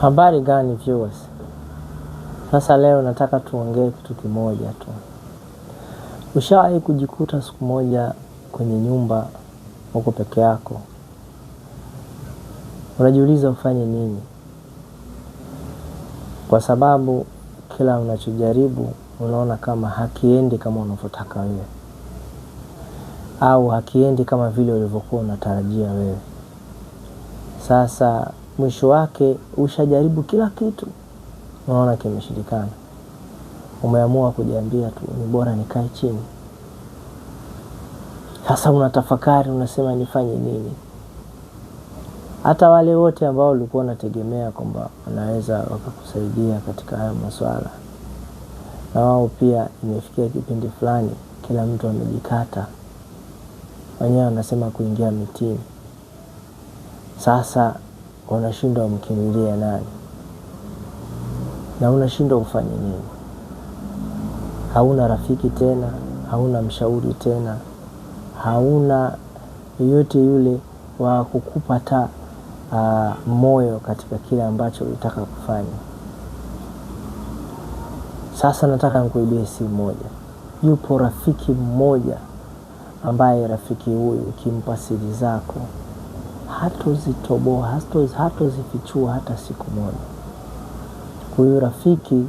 Habari gani viewers? Sasa leo nataka tuongee kitu kimoja tu. Ushawahi kujikuta siku moja kwenye nyumba huko peke yako, unajiuliza ufanye nini? Kwa sababu kila unachojaribu unaona kama hakiendi kama unavyotaka wewe, au hakiendi kama vile ulivyokuwa unatarajia wewe. Sasa mwisho wake ushajaribu kila kitu, unaona kimeshindikana, umeamua kujiambia tu ni bora nikae chini. Sasa unatafakari, unasema nifanye nini? Hata wale wote ambao ulikuwa unategemea kwamba wanaweza wakakusaidia katika hayo maswala na wao pia imefikia kipindi fulani, kila mtu amejikata, wenyewe wanasema kuingia mitini. Sasa unashindwa umkimbilie nani na unashindwa ufanye nini? Hauna rafiki tena, hauna mshauri tena, hauna yeyote yule wa kukupa ta uh, ah, moyo katika kile ambacho ulitaka kufanya. Sasa nataka nikuibie simu moja. Yupo rafiki mmoja ambaye rafiki huyu ukimpa siri zako hatozitoboa hatozifichua hata siku moja. Huyu rafiki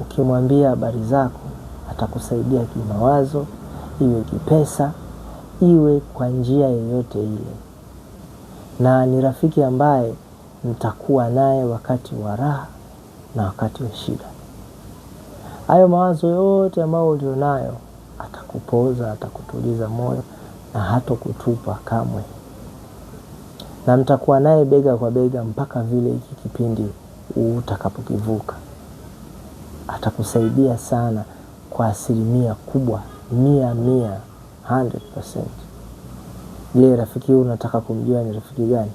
ukimwambia habari zako atakusaidia kimawazo, iwe kipesa, iwe kwa njia yoyote ile, na ni rafiki ambaye mtakuwa naye wakati wa raha na wakati wa shida. Hayo mawazo yote ambayo ulionayo atakupoza, atakutuliza moyo na hatokutupa kamwe na mtakuwa naye bega kwa bega mpaka vile hiki kipindi utakapokivuka. Atakusaidia sana kwa asilimia kubwa, mia mia, 100%. Je, rafiki huyu unataka kumjua ni rafiki gani?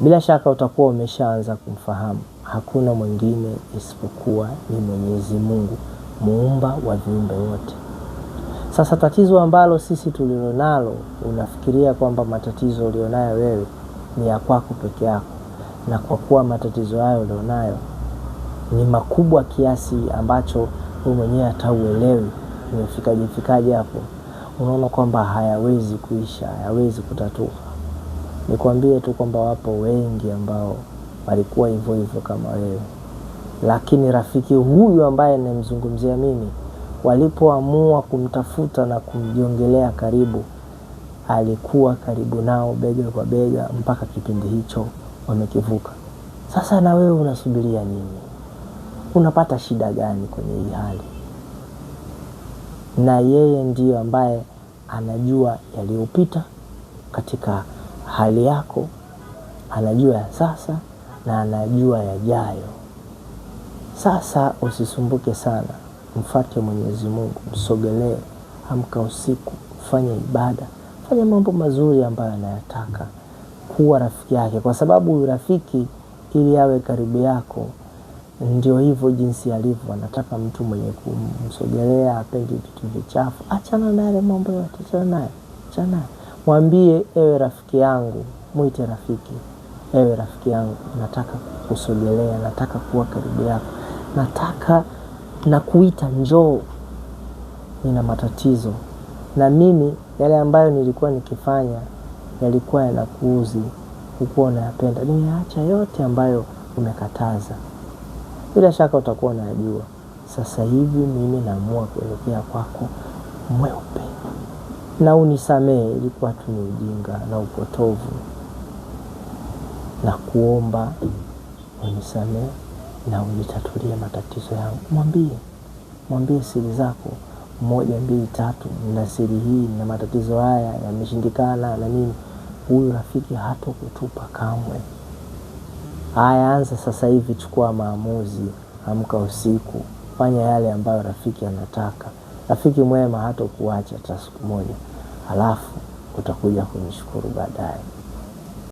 Bila shaka utakuwa umeshaanza kumfahamu. Hakuna mwingine isipokuwa ni Mwenyezi Mungu, muumba wa viumbe wote. Sasa tatizo ambalo sisi tulilonalo, unafikiria kwamba matatizo ulionayo wewe ni ya kwako peke yako, na kwa kuwa matatizo hayo ulionayo ni makubwa kiasi ambacho wewe mwenyewe uelewi umefikaje fikaje hapo, unaona kwamba hayawezi kuisha, hayawezi kutatuka. Nikwambie tu kwamba wapo wengi ambao walikuwa hivyo hivyo kama wewe, lakini rafiki huyu ambaye namzungumzia mimi Walipoamua kumtafuta na kumjongelea karibu, alikuwa karibu nao bega kwa bega mpaka kipindi hicho wamekivuka. Sasa na wewe unasubiria nini? Unapata shida gani kwenye hii hali? Na yeye ndiyo ambaye anajua yaliyopita katika hali yako, anajua ya sasa na anajua yajayo. Sasa usisumbuke sana mfate Mwenyezi Mungu, msogelee, amka usiku, fanya ibada, fanya mambo mazuri ambayo anayataka, kuwa rafiki yake, kwa sababu rafiki ili awe karibu yako ndio hivyo jinsi alivyo, anataka mtu mwenye kumsogelea, apendi vitu vichafu. Achana naye mambo yote, achana naye, achana naye. Mwambie, ewe rafiki yangu, mwite rafiki, ewe rafiki yangu, nataka kusogelea nataka kuwa karibu yako, nataka na kuita njoo, nina matatizo. Na mimi yale ambayo nilikuwa nikifanya yalikuwa yanakuuzi, hukuwa unayapenda. Nimeacha yote ambayo umekataza, bila shaka utakuwa unayajua. Sasa hivi mimi naamua kuelekea kwako mweupe, na unisamehe, ilikuwa tu ni ujinga na upotovu, na kuomba unisamehe na ujitatulie matatizo yangu. Mwambie, mwambie siri zako moja, mbili, tatu, na siri hii na matatizo haya yameshindikana na nini. Huyu rafiki hatokutupa kamwe. Haya, anza sasa hivi, chukua maamuzi, amka usiku, fanya yale ambayo rafiki anataka. Rafiki mwema hatokuacha hata siku moja, halafu utakuja kunishukuru baadaye.